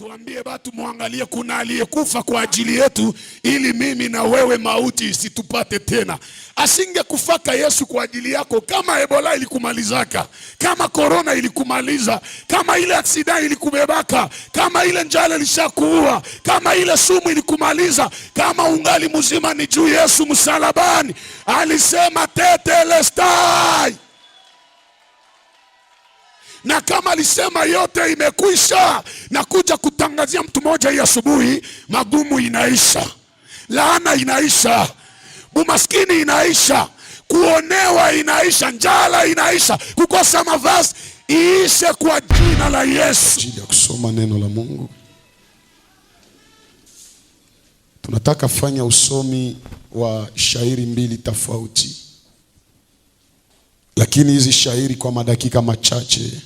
tuambie batu muangalie, kuna aliyekufa kwa ajili yetu, ili mimi na wewe mauti isitupate tena. Asingekufaka Yesu kwa ajili yako, kama Ebola ilikumalizaka, kama korona ilikumaliza, kama ile aksida ilikubebaka, kama ile njala ilishakuua, kama ile sumu ilikumaliza, kama ungali mzima, ni juu Yesu msalabani alisema tetelestai na kama alisema yote imekwisha, na kuja kutangazia mtu mmoja hii asubuhi, magumu inaisha, laana inaisha, umaskini inaisha, kuonewa inaisha, njala inaisha, kukosa mavazi iishe kwa jina la Yesu. Ajili ya kusoma neno la Mungu, tunataka fanya usomi wa shairi mbili tofauti, lakini hizi shairi kwa madakika machache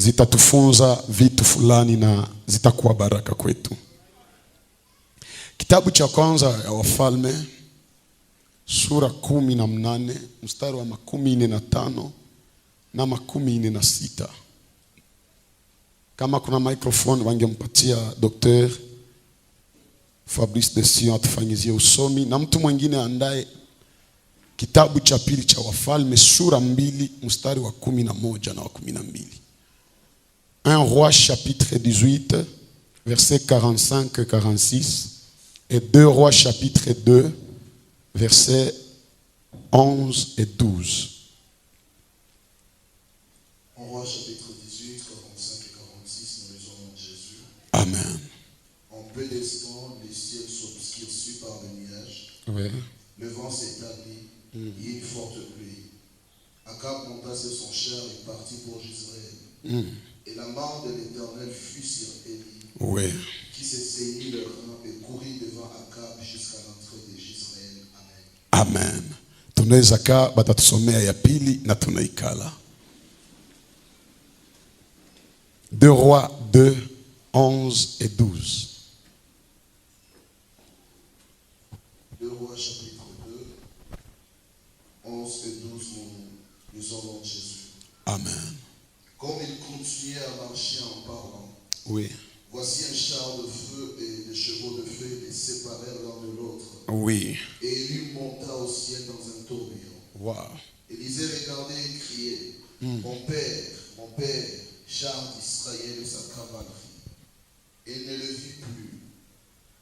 zitatufunza vitu fulani na zitakuwa baraka kwetu. Kitabu cha kwanza ya Wafalme sura kumi na mnane mstari wa makumi nne na tano na makumi nne na sita. Kama kuna microphone wangempatia Dr. Fabrice de sion atufanyizie usomi na mtu mwingine andaye kitabu cha pili cha Wafalme sura mbili mstari wa kumi na moja na wa kumi na mbili. 1 roi chapitre 18, versets 45 et 46, et 2 rois chapitre 2, versets 11 et 12. 1 roi chapitre 18, 45 et 46, nous lisons de Jésus. Amen. En peu d'instants, les ciels s'obscurcit par le nuage. Oui. Le vent s'établit, il y a une forte pluie. Akab monta sur son char et parti pour Israël. Mm. Et la main de l'Éternel fut sur Élie, oui. qui se saignit le rein et courut devant Akab jusqu'à l'entrée de Israël. Amen. Amen. tunaweza kaa watatusomea ya pili na tunaikala deux rois 2 11 et 12 deux rois chapitre 2 11 et 12 nous, nous allons Jésus amen comme il continuait à marcher en parlant, oui. voici un char de feu et des chevaux de feu les séparèrent l'un de l'autre. Oui. Et lui monta au ciel dans un tourbillon. Wow. Élisée regardait et criait hmm. Mon père, mon père, char d'Israël et sa cavalerie. Et ne le vit plus.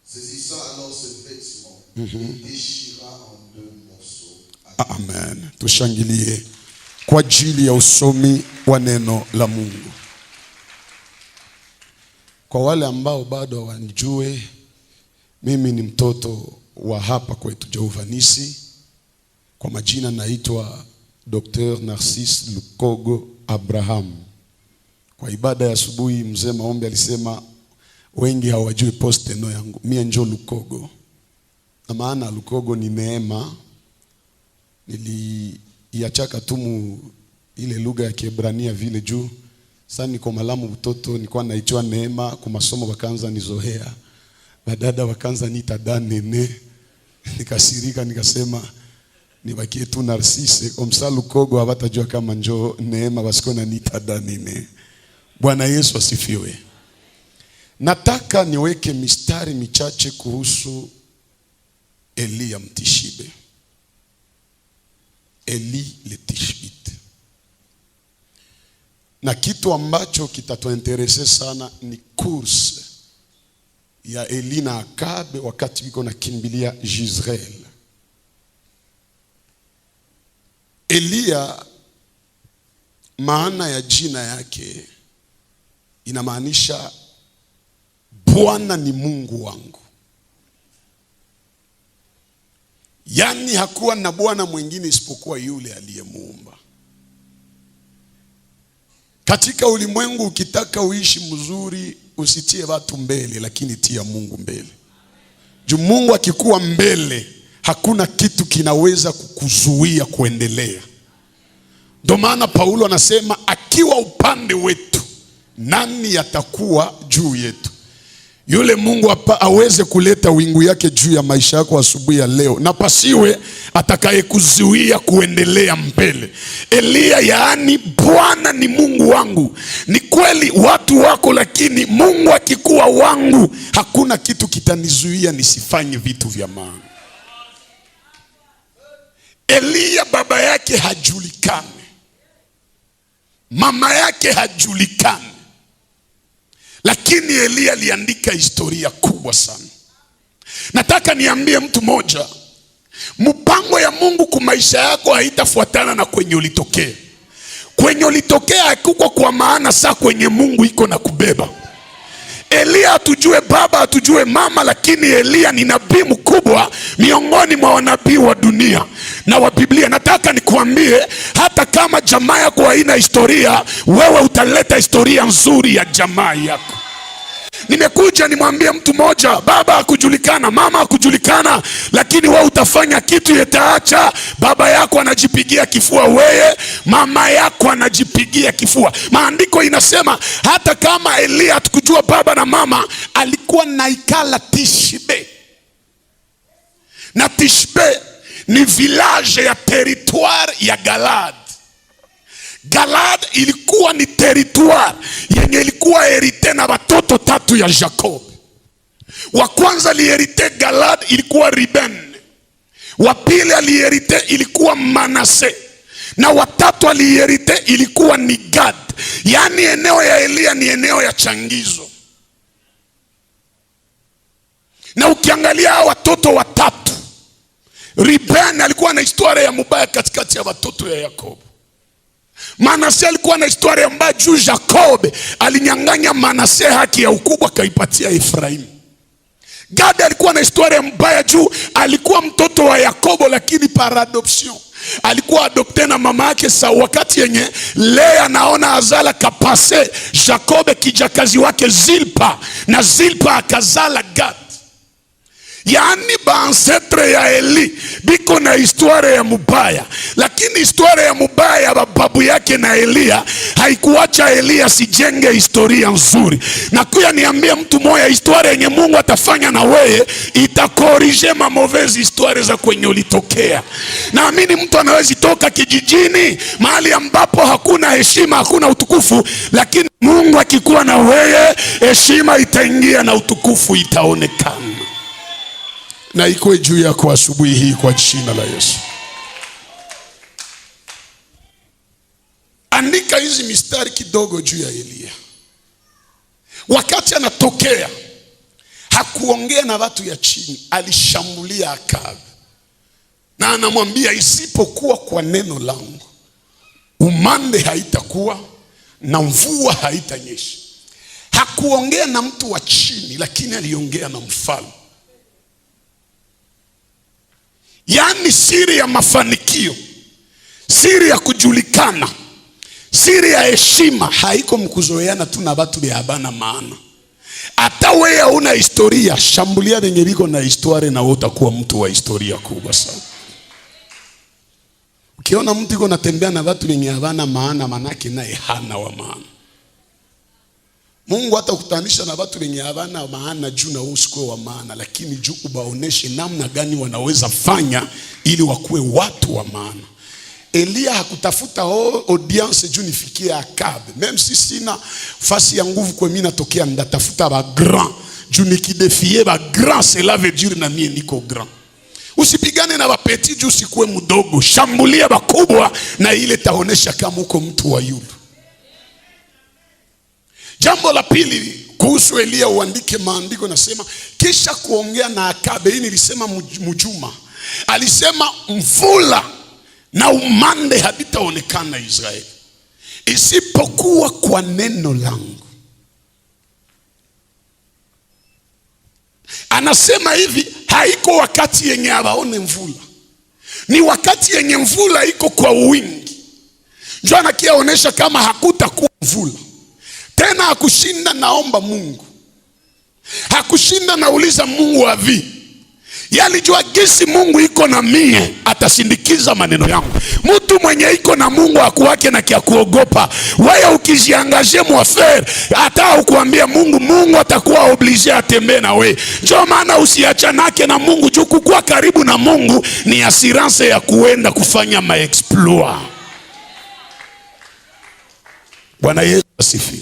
Saisissant alors ses vêtements, mhm. il déchira en deux morceaux. Amen. Amen. kwa ajili ya usomi wa neno la Mungu. Kwa wale ambao bado hawanijue, mimi ni mtoto wa hapa kwetu Jehovanisi. Kwa majina naitwa Dr. Narcisse Lukogo Abraham. Kwa ibada ya asubuhi, mzee maombi alisema wengi hawajui post no yangu, mie njo Lukogo na maana Lukogo ni neema. Nili iachaka tumu ile lugha ya Kiebrania vile juu sasa niko malamu utoto nilikuwa naitwa Neema kumasomo wakaanza nizohea na dada wakaanza nita danene nikashirika nikasema nibakie tu Narsise omsalu kogo hawatajua kama njo Neema wasikona nita danene Bwana Yesu asifiwe nataka niweke mistari michache kuhusu Eliya mtishibe Eli Tishbit. na kitu ambacho kitatuinterese sana ni course ya Eli na Akabe wakati biko na kimbilia Jezreel. Eliya, maana ya jina yake inamaanisha Bwana ni Mungu wangu. Yaani hakuwa na bwana mwingine isipokuwa yule aliyemuumba. Katika ulimwengu ukitaka uishi mzuri, usitie watu mbele, lakini tia Mungu mbele. Juu Mungu akikuwa mbele, hakuna kitu kinaweza kukuzuia kuendelea. Ndio maana Paulo anasema, akiwa upande wetu, nani atakuwa juu yetu? yule Mungu apa, aweze kuleta wingu yake juu ya maisha yako asubuhi ya leo, na pasiwe atakayekuzuia kuendelea mbele. Eliya, yaani Bwana ni Mungu wangu. Ni kweli watu wako, lakini Mungu akikuwa wangu, hakuna kitu kitanizuia nisifanye vitu vya maana. Eliya baba yake hajulikani, mama yake hajulikani lakini Eliya aliandika historia kubwa sana. Nataka niambie mtu moja, mpango ya Mungu kwa maisha yako haitafuatana na kwenye ulitokea. Kwenye ulitokea hakuko kwa maana saa kwenye Mungu iko na kubeba. Eliya hatujue baba, hatujue mama, lakini Eliya ni nabii mkubwa miongoni mwa wanabii wa dunia na wa Biblia. Nataka nikuambie, hata kama jamaa yako haina historia, wewe utaleta historia nzuri ya jamaa yako nimekuja nimwambie mtu mmoja, baba akujulikana mama akujulikana lakini wewe utafanya kitu yetaacha. Baba yako anajipigia kifua, weye mama yako anajipigia kifua. Maandiko inasema hata kama Elia hatukujua baba na mama, alikuwa naikala Tishbe na Tishbe ni village ya teritwari ya Galad Galad ilikuwa ni teritwari yenye ilikuwa herite na watoto tatu ya Jacob. Wa kwanza aliherite Galad ilikuwa Riben, wa pili aliherite ilikuwa Manase na watatu aliherite ilikuwa ni Gad. Yaani eneo ya Elia ni eneo ya changizo, na ukiangalia hawa watoto watatu, Riben alikuwa na historia ya mubaya katikati ya watoto ya Yakobo Manase alikuwa na historia mbaya juu Jacob alinyang'anya Manase haki ya ukubwa akaipatia Efraimu. Gadi alikuwa na historia mbaya juu alikuwa mtoto wa Yakobo, lakini par adoption alikuwa adopte na mama yake sa wakati yenye Lea anaona azala kapase jacobe kijakazi wake Zilpa, na Zilpa akazala Gad yaani baansetre ya Eli biko na historia ya mubaya, lakini historia ya mubaya ya babu yake na Eliya haikuacha elia sijenge historia nzuri. Na kuya niambie mtu moya, historia yenye Mungu atafanya na weye itakorije mamovezi histoire za kwenye ulitokea. Naamini mtu anawezi toka kijijini mahali ambapo hakuna heshima, hakuna utukufu, lakini Mungu akikuwa na weye heshima itaingia na utukufu itaonekana na ikuwe juu yako asubuhi hii kwa jina la Yesu. Andika hizi mistari kidogo juu ya Eliya. Wakati anatokea hakuongea na watu ya chini, alishambulia Akabu na anamwambia isipokuwa kwa neno langu umande haitakuwa na mvua haitanyesha. Hakuongea na mtu wa chini, lakini aliongea na mfalme. Yaani siri ya mafanikio, siri ya kujulikana, siri ya heshima haiko mkuzoeana tu na watu bya habana maana. Hata wewe una historia, shambulia venye viko na historia, na wewe utakuwa mtu wa historia kubwa sana. Ukiona mtu iko natembea na watu wenye habana maana, manake naye hana wa maana. Mungu hata kukutanisha na watu wenye hawana maana juu na wewe usikuwe wa maana, lakini juu ubaoneshe namna gani wanaweza fanya ili wakuwe watu wa maana. Elia hakutafuta o audience juu nifikie Akab. Meme si sina fasi ya nguvu kwa mimi natokea, ndatafuta ba grand juu nikidefie ba grand cela veut dire na mimi niko grand. Usipigane na wapeti juu usikuwe mdogo, shambulia bakubwa, na ile taonesha kama uko mtu wa yulu Jambo la pili kuhusu Eliya, uandike maandiko nasema, kisha kuongea na Akabe. Hii nilisema mjuma, alisema mvula na umande havitaonekana Israeli isipokuwa kwa neno langu. Anasema hivi, haiko wakati yenye awaone mvula, ni wakati yenye mvula iko kwa wingi, njo anakiaonesha kama hakutakuwa mvula tena hakushinda naomba Mungu, hakushinda nauliza Mungu avi. Yalijua gisi Mungu iko na mie, atasindikiza maneno yangu. Mtu mwenye iko na Mungu akuwake na kia kuogopa. Wewe ukijiangazie mwafere, hata ukuambia Mungu, Mungu atakuwa oblige atembee na we. Ndio maana usiachanake na Mungu juu kukuwa karibu na Mungu ni asiranse ya kuenda kufanya maexplore. Bwana Yesu asifiwe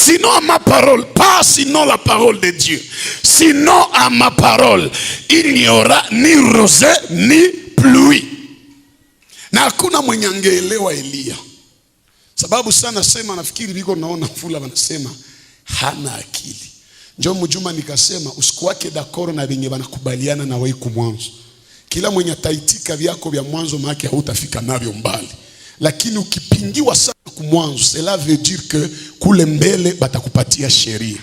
sinon à ma parole, pas sinon la parole de Dieu, sinon à ma parole, il n'y aura ni rosée ni pluie. Na hakuna mwenye angeelewa Eliya, sababu sana sema, nafikiri niko naona fula wanasema hana akili. Njo mjuma nikasema usikuwake dakoro na venye wanakubaliana na waiku mwanzo, kila mwenye taitika vyako vya mwanzo, maake hautafika navyo mbali, lakini ukipingiwa sana mwanzo. Cela veut dire que kule mbele batakupatia sheria.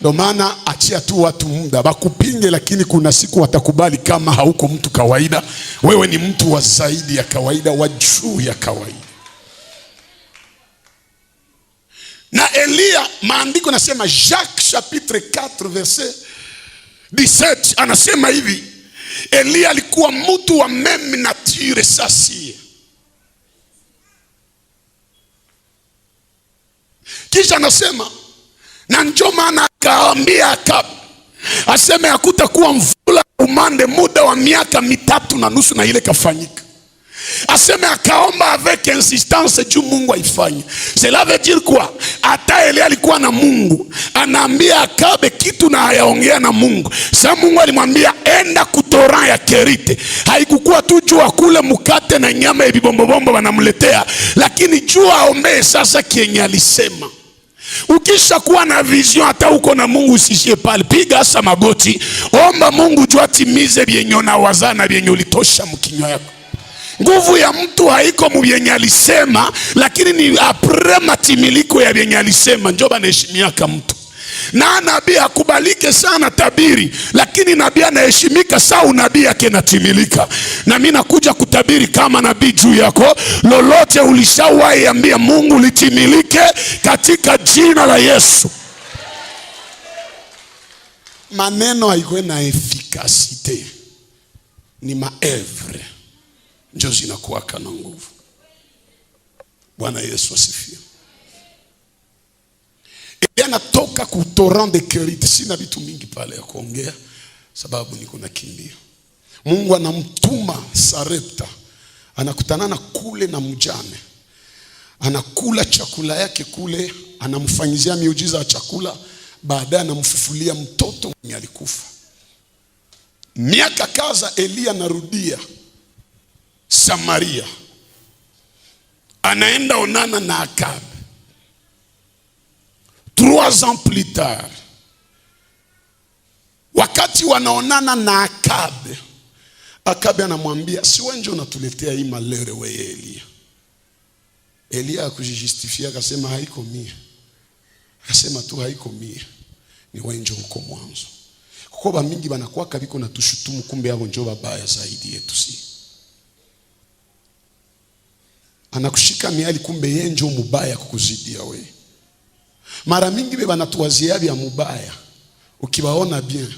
Ndio maana achia tu watu muda bakupinge, lakini kuna siku watakubali kama hauko mtu kawaida, wewe ni mtu wa zaidi ya kawaida, wa juu ya kawaida. Na Eliya, maandiko nasema Jacques chapitre 4 verset 17 anasema hivi, Eliya alikuwa mtu wa meme nature sasie Kisha anasema na ndio maana akaambia Akabu aseme hakutakuwa mvula umande muda wa miaka mitatu na nusu, na ile kafanyika. Aseme akaomba avec insistance juu Mungu aifanye. Cela veut dire quoi? Hata Elia alikuwa na Mungu, anaambia Akabe kitu na hayaongea na Mungu. Sa Mungu alimwambia enda kutora ya Kerite. Haikukuwa tu juu akule mukate na nyama ya vibombobombo wanamletea, lakini juu aombee sasa kienye alisema Ukisha kuwa na vision, hata uko na Mungu usishie pale, piga hasa magoti, omba Mungu juu atimize vyenye unawazaa na vyenye ulitosha mkinywa yako. Nguvu ya mtu haiko muvyenye alisema, lakini ni apre matimiliko ya vyenye alisema. Njoba naheshimiaka mtu na nabii akubalike sana tabiri, lakini nabii anaheshimika saa unabii yake natimilika Na mimi nakuja kutabiri kama nabii juu yako, lolote ulishawahi ambia Mungu litimilike katika jina la Yesu. Maneno aikwe na efikasite, ni maevre njo zinakuwaka na nguvu. Bwana Yesu asifiwe. Elia eh, ku torrent de Keriti. Sina vitu mingi pale ya kuongea sababu niko kimbia Mungu anamtuma Sarepta, anakutanana kule na mjane, anakula chakula yake kule, anamfanyizia miujiza ya chakula, baadaye anamfufulia mtoto mwenye alikufa. Miaka kaza Eliya anarudia Samaria, anaenda onana na Akabi. Trois ans plus tard, wakati wanaonana na Akabe, Akabe anamwambia si wewe ndio unatuletea hii malere, we Elia. Elia akujijistifia akasema haiko mie, akasema tu haiko mie, ni wewe ndio uko mwanzo. Kuko bamingi banakwaka biko na tushutumu, kumbe hao ndio babaya zaidi yetu. Si anakushika miali, kumbe yeye ndio mubaya kukuzidia wewe mara mingi be banatuwazia vya mubaya, ukiwaona bien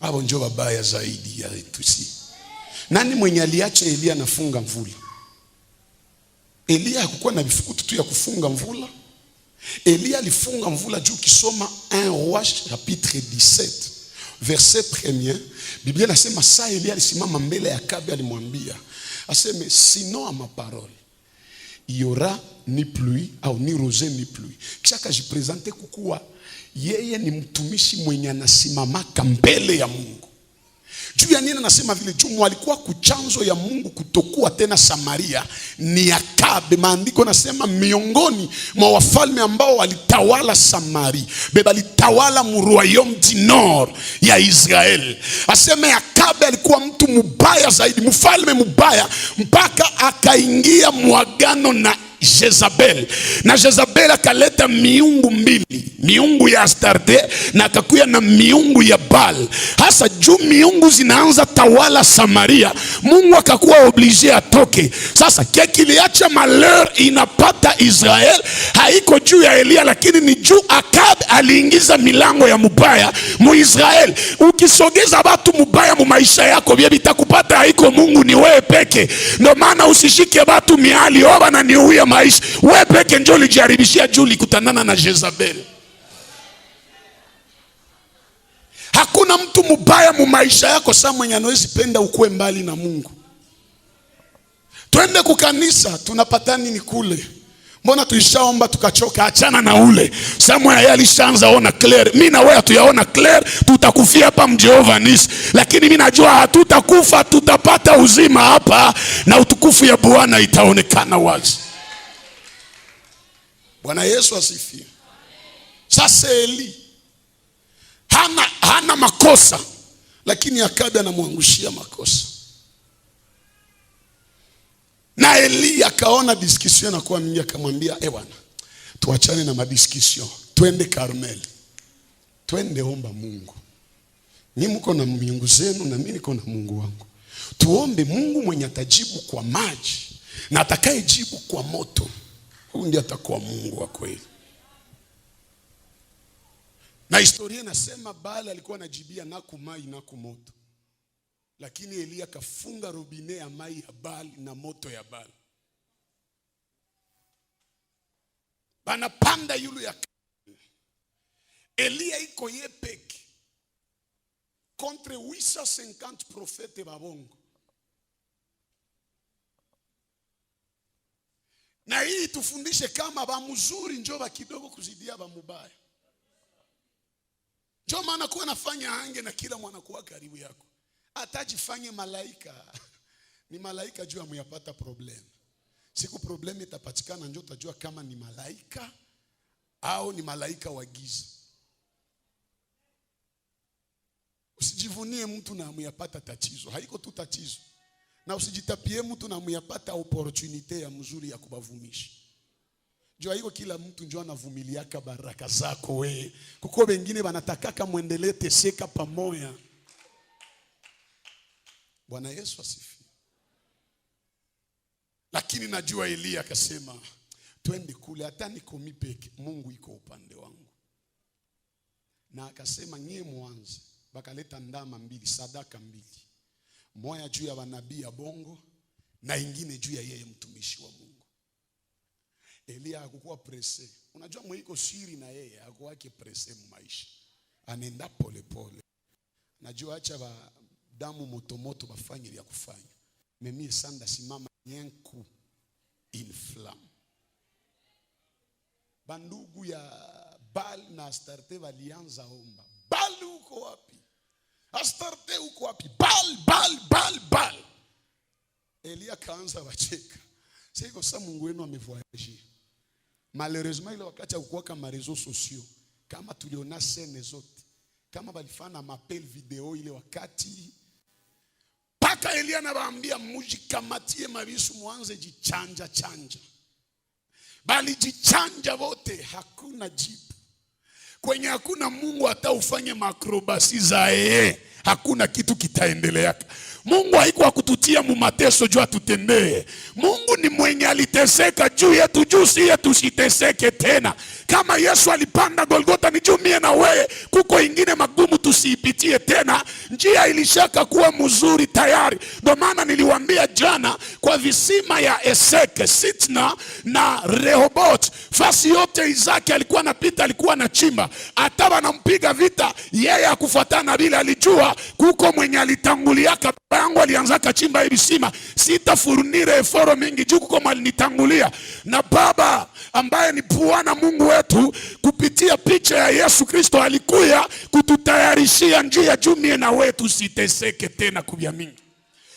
abo njo babaya zaidi ya tusi. Nani mwenye aliacha Elia nafunga mvula? Elia hakukuwa na vifukutu tu ya kufunga mvula. Elia alifunga mvula juu kisoma 1 Roi chapitre 17 verset premier, Biblia nasema saa Elia alisimama mbele ya kabi alimwambia aseme sino ama parole il y aura ni pluie au ni rosée ni pluie. Kisha kajipresente kukuwa yeye ni mtumishi mwenye anasimamaka mbele ya Mungu juu ya nini anasema vile? Juu mwalikuwa kuchanzo ya Mungu kutokuwa tena Samaria ni Akabe. Maandiko nasema miongoni mwa wafalme ambao walitawala Samari beba litawala muroyaume du nord ya Israel, aseme Akabe alikuwa mtu mubaya zaidi, mfalme mubaya, mpaka akaingia mwagano na Jezabel. Na Jezabel akaleta miungu mbili, miungu ya Astarte na akakuya na miungu ya Baal. Hasa juu miungu zinaanza tawala Samaria, Mungu akakuwa oblige atoke. Sasa kekiliacha malheur inapata Israel haiko juu ya Elia, lakini ni juu Akab aliingiza milango ya mubaya mu Israel. Ukisogeza batu mubaya mu maisha yako bie bitakupata, haiko Mungu, ni wewe peke. Ndio maana usishike batu miali oba na niuya maisha. Wewe peke ndio ulijaribishia juu ulikutana na Jezabel. Hakuna mtu mubaya mu maisha yako saa mwenye anawezi penda ukuwe mbali na Mungu. Twende kukanisa, tunapatani ni kule Mbona tuishaomba tukachoka? Achana na ule Samuel, yeye alishaanza ona Claire. Mimi na wewe hatuyaona Claire, tutakufia hapa mjehova nisi, lakini mimi najua hatutakufa, tutapata uzima hapa na utukufu ya Bwana itaonekana wazi. Bwana Yesu asifiwe. Sasa Eli hana, hana makosa lakini akaja anamwangushia makosa, na Eli akaona diskisio inakuwa mingi, akamwambia e bwana, tuachane na madiskisio, twende Karmeli, twende omba Mungu. Ni mko na miungu zenu na mimi niko na Mungu wangu, tuombe Mungu mwenye atajibu kwa maji na atakayejibu kwa moto. Huyu ndiye atakuwa Mungu wa kweli. Na historia inasema Baali alikuwa anajibia naku mai naku moto, lakini Elia akafunga robine ya mai ya Baali na moto ya Baali. Banapanda yulu ya Elia iko yepeke contre 850 profete babongo na hii tufundishe kama bamuzuri njo kidogo kuzidia mubaya. Njo maana kuwa nafanya ange na kila mwanakuwa karibu yako, atajifanye malaika ni malaika juu amuyapata problem. Siku problem itapatikana njo utajua kama ni malaika au ni malaika wa giza. Usijivunie mtu na amuyapata tatizo, haiko tu tatizo na usijitapie mtu na muyapata opportunity ya mzuri ya kubavumisha. Jua hiko kila mtu njo anavumiliaka baraka zako we, kuko wengine wanatakaka mwendelee teseka pamoja Bwana Yesu asifi Lakini najua Elia akasema twende kule, hata nikomi peke Mungu iko upande wangu, na akasema nie mwanze, bakaleta ndama mbili sadaka mbili moja juu ya wanabii ya bongo na ingine juu ya yeye mtumishi wa Mungu. Elia hakukuwa prese. Unajua mwiko siri na yeye hakuwake prese mumaisha, anaenda polepole. Najua acha ba damu motomoto bafanye vya kufanya. Mimi sanda simama nyenku in flam Bandugu ya Bal na Astarte walianza omba, Bal uko wapi? Astarte uko wapi? Bal, bal, bal, bal. Elia kaanza wacheka. Sasa iko sasa Mungu wenu amevoyaje? Malheureusement ile wakati hakukuwa ma reseaux sociaux kama tuliona sene zote kama balifana mapel video ile wakati mpaka Elia nabaambia mujikamatie mabisu mwanze jichanja chanja, balijichanja wote, hakuna jipu. Kwenye hakuna Mungu hata ufanye makrobasi za yeye, hakuna kitu kitaendeleaka. Mungu haiko akututia mumateso juu atutendee. Mungu ni mwenye aliteseka juu yetu juu siye tusiteseke tena. Kama Yesu alipanda Golgota ni juu mie na wewe, kuko ingine magumu tusiipitie tena. Njia ilishaka kuwa mzuri tayari. Ndio maana niliwaambia jana kwa visima ya Eseke, Sitna na Rehoboth, fasi yote Isaki alikuwa anapita, alikuwa anachimba hata wanampiga vita yeye akufuatana bila, alijua kuko mwenye alitanguliaka yangu alianzaka chimba hii visima, sitafurunire eforo mingi juu kuko malinitangulia. Na baba ambaye ni Bwana Mungu wetu kupitia picha ya Yesu Kristo alikuya kututayarishia njia juu mie na wetu siteseke tena kubya mingi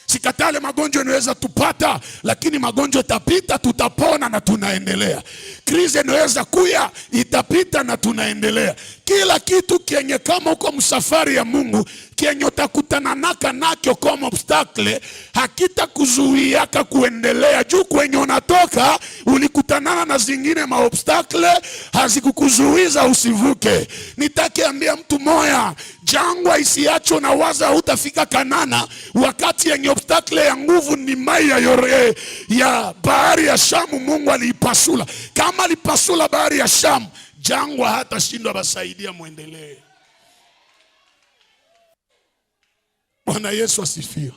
Sikatale magonjwa inaweza tupata, lakini magonjwa itapita, tutapona na tunaendelea. Krizi inaweza kuya, itapita na tunaendelea. Kila kitu kenye kama uko msafari ya Mungu kenye utakutana naka nakyo kama obstacle hakitakuzuiaka kuendelea juu kwenye unatoka ulikutanana na zingine maobstacle hazikukuzuiza usivuke. Nitakiambia mtu moya Jangwa isiacho na waza, hutafika Kanana. Wakati yenye obstakle ya nguvu ni mai ya yore, ya bahari ya Shamu. Mungu aliipasula. Kama alipasula bahari ya Shamu, jangwa hata shindwa Basaidia mwendelee. Bwana Yesu asifiwe.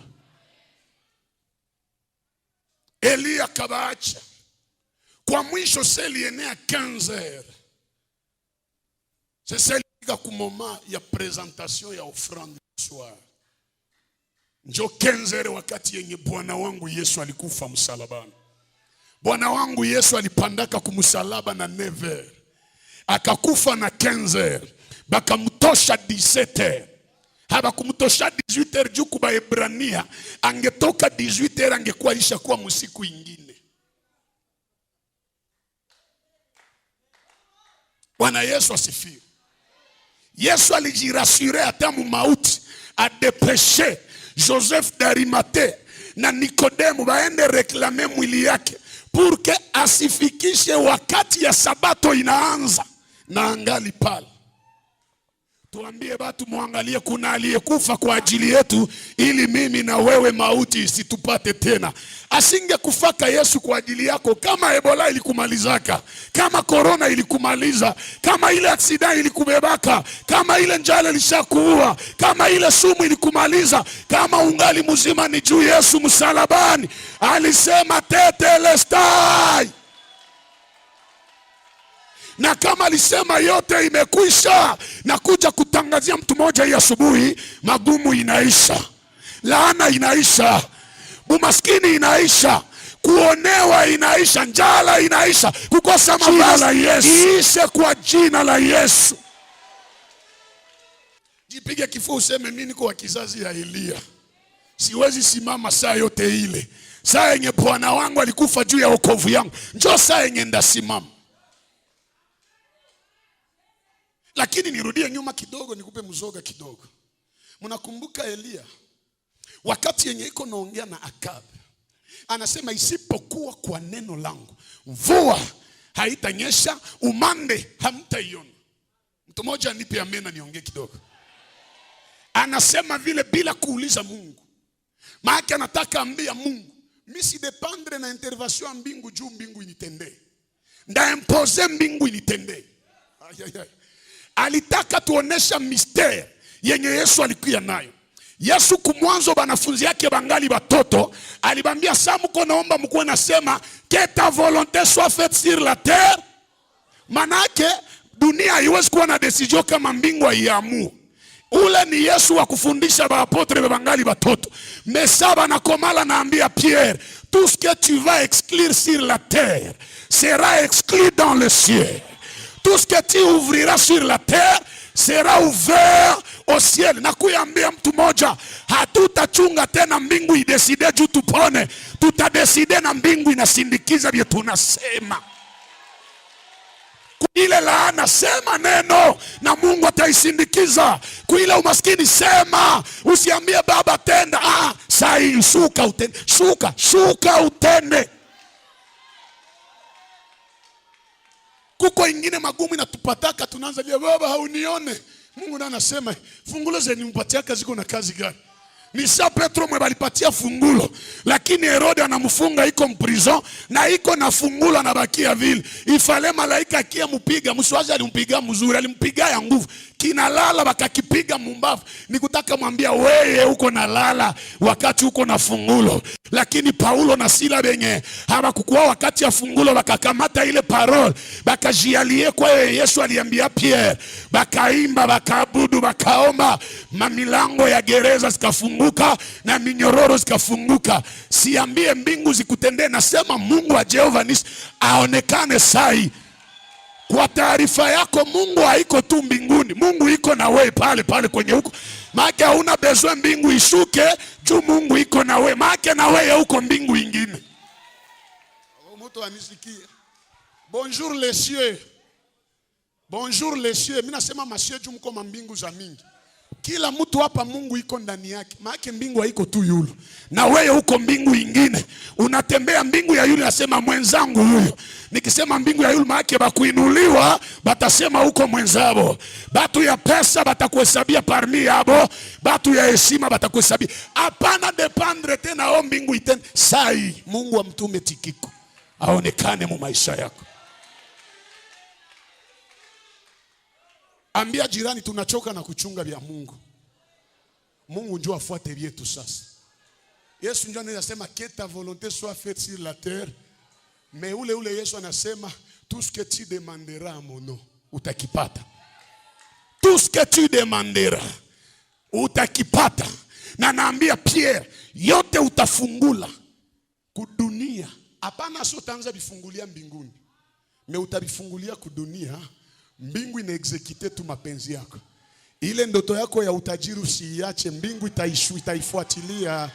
Eliya kabaacha kwa mwisho seli enea 15 heures fika ku moment ya presentation ya ofrande soir, njo kenzere, wakati yenye Bwana wangu Yesu alikufa msalabani. Bwana wangu Yesu alipandaka kumsalaba na never akakufa na kenzer, bakamtosha 17h habakumtosha 18h juu kuba Ebrania, angetoka 18h angekuwa isha kuwa musiku ingine. Bwana Yesu asifiwe. Yesu alijirasure hata mumauti adepeshe Joseph darimate na Nikodemu waende reklame mwili yake purke asifikishe wakati ya sabato inaanza na angali pale tuambie batu, mwangalie, kuna aliyekufa kwa ajili yetu, ili mimi na wewe mauti isitupate tena. Asingekufaka Yesu kwa ajili yako, kama Ebola ilikumalizaka, kama korona ilikumaliza, kama ile aksida ilikubebaka, kama ile njala ilishakuua, kama ile sumu ilikumaliza, kama ungali mzima, ni juu Yesu msalabani alisema tetelestai na kama alisema yote imekwisha, na kuja kutangazia mtu mmoja hii asubuhi, magumu inaisha, laana inaisha, umaskini inaisha, kuonewa inaisha, njala inaisha, kukosa mavazi iishe kwa jina la Yesu. Jipige kifua useme, mimi niko wa kizazi ya Elia, siwezi simama saa yote ile, saa yenye bwana wangu alikufa juu ya wokovu yangu, njoo saa yenye ndasimama Lakini nirudie nyuma kidogo, nikupe mzoga kidogo. Mnakumbuka Eliya wakati yenye iko naongea na akab anasema isipokuwa kwa neno langu mvua haitanyesha, umande hamtaiona. Mtu mmoja anipe amena, niongee kidogo. Anasema vile bila kuuliza Mungu, maana anataka ambia Mungu, mi dependre na intervention ya mbingu juu mbingu initendee, ndaempose mbingu initendee alitaka tuonesha mistere yenye Yesu alikuya nayo. Yesu kumwanzo banafunzi yake bangali batoto alibambia, samuko naomba mkuwe nasema ke ta volonté soit faite sur la terre. Manake dunia haiwezi kuwa na desizio kama mbingu iamu. Ule ni Yesu wa kufundisha baapotre bebangali batoto na komala naambia Pierre, tout ce que tu vas exclure sur la terre sera exclu dans le ciel tout ce que tu ouvriras sur la terre sera ouvert au ciel. Na mtu moja, hatutachunga tena mbingu ideside juu tupone, tutadeside na mbingu inasindikiza vye tunasema kuile laana sema neno na Mungu ataisindikiza. Kuile umaskini sema, usiambie baba tenda. Ah, sai shuka utende, shuka shuka utende. Kuko ingine magumu inatupataka, tunaanza lia baba, haunione Mungu ndiye anasema fungulo zenye mpatiaka ziko na kazi gani? Ni sa Petro mwe balipatia fungulo, lakini Herode anamfunga iko mprison na iko na fungulo, anabakia vile ifale malaika akia mupiga msiwazi, alimpiga mzuri, alimpiga ya nguvu kinalala wakakipiga mumbavu. Nikutaka mwambia weye, uko nalala wakati uko na fungulo, lakini Paulo na Sila benye hawakukua wakati ya fungulo, wakakamata ile parole bakajialie kwaye. Yesu aliambia Pierre, bakaimba bakaabudu bakaomba, mamilango ya gereza zikafunguka na minyororo zikafunguka. Siambie mbingu zikutendee, nasema Mungu wa Jehova nisi aonekane sai kwa taarifa yako, Mungu haiko tu mbinguni, Mungu iko na wewe pale pale kwenye huko. Maana hauna bezwe mbingu ishuke juu, Mungu iko na wewe, maana na wewe huko mbingu ingine. Mtu anisikia? Bonjour les cieux. Bonjour les cieux. Mimi nasema masieu juu mko mbingu za mingi kila mtu hapa Mungu iko ndani yake, maana mbingu haiko tu yulu, na wewe uko mbingu ingine, unatembea mbingu ya yule. Asema mwenzangu huyu, nikisema mbingu ya yulu maana bakuinuliwa, batasema uko mwenzabo. Batu ya pesa batakuhesabia parmi yabo, batu ya heshima batakuhesabia. Hapana dependre tena o oh, mbingu itende sai. Mungu amtume tikiko aonekane mu maisha yako. Ambia jirani tunachoka na kuchunga vya Mungu. Mungu njoo afuate vyetu sasa. Yesu njoo anasema que ta volonté soit faite sur la terre. Me ule ule Yesu anasema tout ce que tu demanderas mon nom utakipata. Tout ce que tu demanderas utakipata. Na naambia Pierre, yote utafungula kudunia. Hapana, sio utaanza bifungulia mbinguni. Me utabifungulia kudunia. Mbingu inaexekite tu mapenzi yako. Ile ndoto yako ya utajiri usiiache, mbingu itaifuatilia.